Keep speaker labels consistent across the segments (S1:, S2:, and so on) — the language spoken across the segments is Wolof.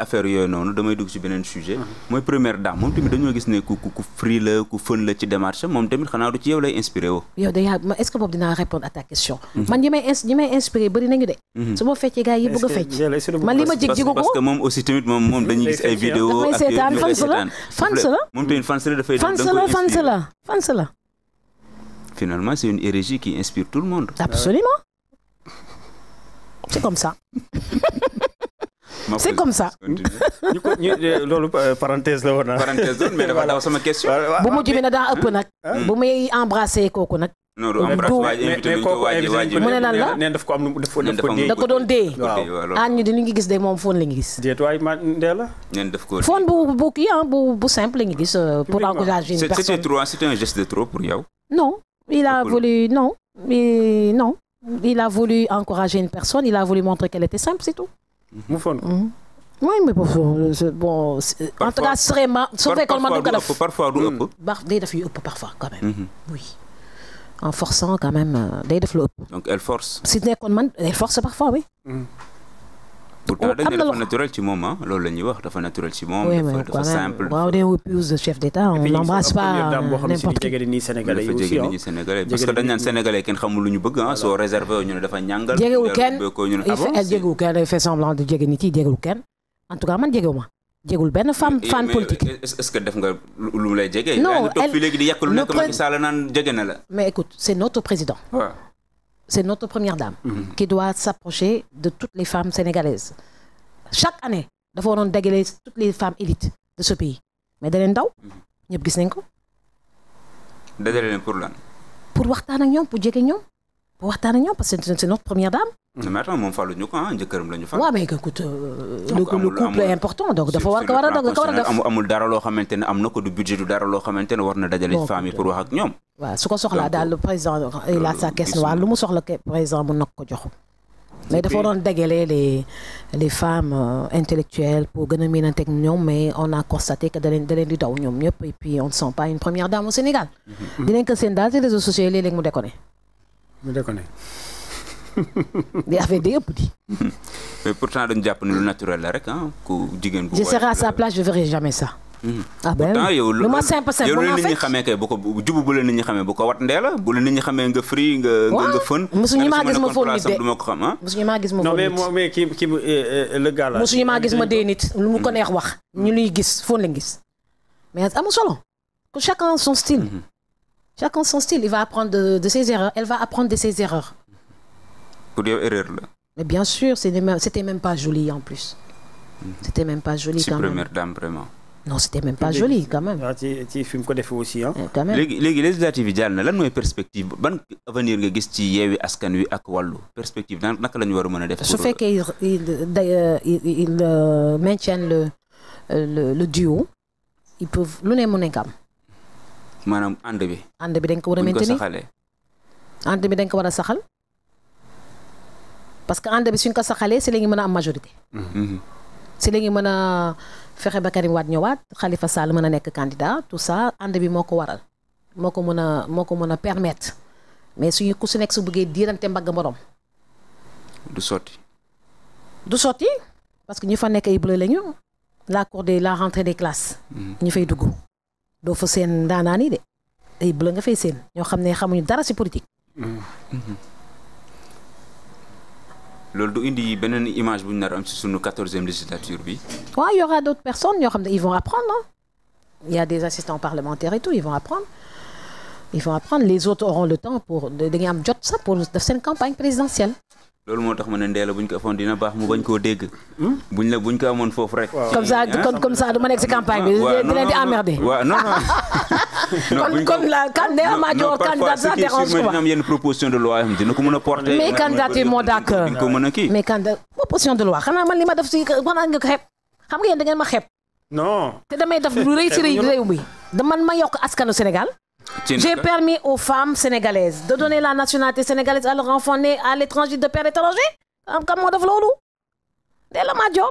S1: affaire yooyu noonu damay dugg ci beneen sujet mooy première dame moom tamit dañoo gis ne ku ku la ku fën la ci démarche moom tamit xanaa du ci yow lay inspiré woo
S2: yow est
S1: man li ma jig ko moom aussi tamit moom dañuy gis ay vidéo ak seetaan fans finalement c'est une hérésie qui inspire tout le monde
S2: absolument c'est comme ça c'est comme ça. ñu
S1: ko ñu eh, loolu euh, parenthèse la woon ah. parenthèse la mais dafa daw sama question. bu
S2: mujj bi ah, na daa ëpp nag. Ah. bu muy embrasser kooku nag. non du embrasser waaye invité ko waaji waaji mu ne lan la m
S1: daf ko am daf da ko doon dee. waaw ah,
S2: di li ngi gis de moom fóon la ñu gis. déet waay
S1: ma ndee la. neen ko fóon
S2: bu bu kii ah bu bu simple la ñu gis. Euh, pour encourager une personne. c'était
S1: trop c'était un geste de trop pour yow.
S2: non il a voulu non mais non il voulu encourager une personne il a voulu montrer qu'elle était simple c'est mu fon ko. Mm. oui mais euh, bon. en tout cas vraiment du ko mm. def parfois parfois quand même. Mm-hmm. oui en forçant quand même euh, day def force. si nekkoon man elle parfois oui. Mm. pour oh, dañ ne dafa
S1: naturel ci moom ah loolu la wax dafa naturel ci moom. dafa simple
S2: waaw day de chef d'État on l'embrasse pas n'importe qui. Ah. Ah,
S1: ne dafa ñàngal. jegewul kenn jegewul
S2: kenn jegewul kenn en tout cas man jegewu ma. jegul benn femme fan politique.
S1: est-ce que def nga lu lay jege. non elle le président na la.
S2: mais écoute c'est notre première dame. Mmh. qui doit s'approcher de toutes les femmes sénégalaises. chaque année dafa waroon dajale toutes les femmes élites de ce pays mais da leen daw. Mhm. ñëpp gis nañ ko. dajale leen pour waxtaan ak ñoom pour jege ñoom. bu waxtaan ak ñoom parce que c'est notre première dame.
S1: mais moom fàllu ñu ko ah njëkkëram la ñu fal.
S2: waaw mais écoute euh, le couple est important donc dafa war ko war a dafa war a
S1: def dara loo xamante ne am na ko du budget dara loo xamante ne war na dajale femmes yi pour wax
S2: ko soxlaa daal le euh, a sa caisse noire lu mu ko jox. mais dafa waroon dajale les les femmes euh, intellectuelles pour gën a miinante ak ñoom mais on a constaté que da leen da leen di daw ñoom ñëpp et puis on ne sent pas une première dame au Sénégal. Mm-hmm. dinañ ko seen daal ci réseaux sociaux yi léeg-léeg mu déconné. mu de ko ne. di affaire di.
S1: mais pourtant dañu jàpp ni lu naturel la rek ah ku jigéen. bu je
S2: serai à sa place je verrai jamais ça. Mhm. ah lu ma simple simple yow nit ñi
S1: xamee kay bu ko jubu bu la ñi xamee bu ko wat ndee la bu la nit ñi xamee nga free nga nga fën. mosuñu maa gis ma fóon nit de du ma ko xam maa gis ma fóon nit non mais mais kii kii euh, euh, le gars la. gis ma euh,
S2: dee nit lu mu ko mhm. neex wax. ñu luy gis fóon lañ gis mais amul solo. que chacun son style. Mhm. chacun son style il va apprendre de, de ses erreurs elle va apprendre de ses erreurs.
S1: pour yow erreur la.
S2: mais bien sûr c' était même pas mhm. ah, defee aussi ah. léegi
S1: léegi législative yi lan mooy perspective ban avenir nga gis ci yeewi askan wi ak wàllu perspective nan naka la ñu war a mën a def. su fekkee
S2: il il euh, maintient le euh, le le duo ils peuvent lu ne mën a am
S1: maanaam ànd bi.
S2: ànd bi dañ ko war a maintenir ànd bi dañ ko war a saxal. parce que ànd bi suñ ko saxalee si la ñu mën a am majorité. Mm-hmm. si la ñu mën a fexe ba Karim Wade ñëwaat Khalifa Sall mën a nekk candidat tout ça ànd bi moo ko waral moo ko mën a moo ko mën a permettre mais su ku su nekk su bëggee diirante mbagg morom. du sotti. du sotti parce que ñu fa nekk ay bleu lañu la cour de la rentrée des classes. Mm-hmm. ñu fay dugg. doo fa seen ndaanaan yi de ay bëla nga fay seen ñoo xam ne xamuñu dara si politique.
S1: Mm-hmm. loolu du indi beneen image bu ñu nar am ci sunu quatorzième législature bi.
S2: waaw y aura d'autres personnes ñoo xam ne ils vont apprendre il y a des assistants parlementaires et ils vont apprendre ils vont apprendre les autres auront le temps pour dañuy am jot sax pour def seen campagne présidentielle.
S1: loolu moo tax ma ne Ndella buñ ko afoon dina baax mu bañ koo dégg. Hmm? buñ la buñ ko amoon foofu rek. comme
S2: ça du ma nekk si campagne bi. Ah, di leen di emmerder.
S1: waaw non non. kon la de loi dina ko mën a porter. mais candidat yi moo dàq. dina ko mën a kii mais
S2: candidat proposition de loi xanaa man li ma def si xanaa nga ko xeeb xam nga yéen da ngeen ma xeeb. non. te damay def lu rëy si rëy réew mi. da man ma yokk askanu Sénégal. J'ai permis aux femmes sénégalaises de donner la nationalité sénégalaise à leur enfant né à l'étranger de père étranger kam ah, moo def loolu dee la maa joor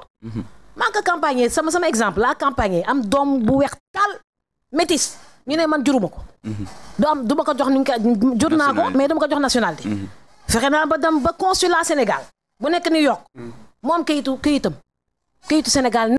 S2: maa sama sama exemple la campagne am doom bu weex tal métis ñu ne man juruma ko doom mhm. du ma ko jox nuñ ko jur naa ko mais du ma ko jox nationalité mhm. fexe naa ba dam ba consulat Sénégal bu nekk New York mhm. moom kayitu kayitam kayitu Sénégal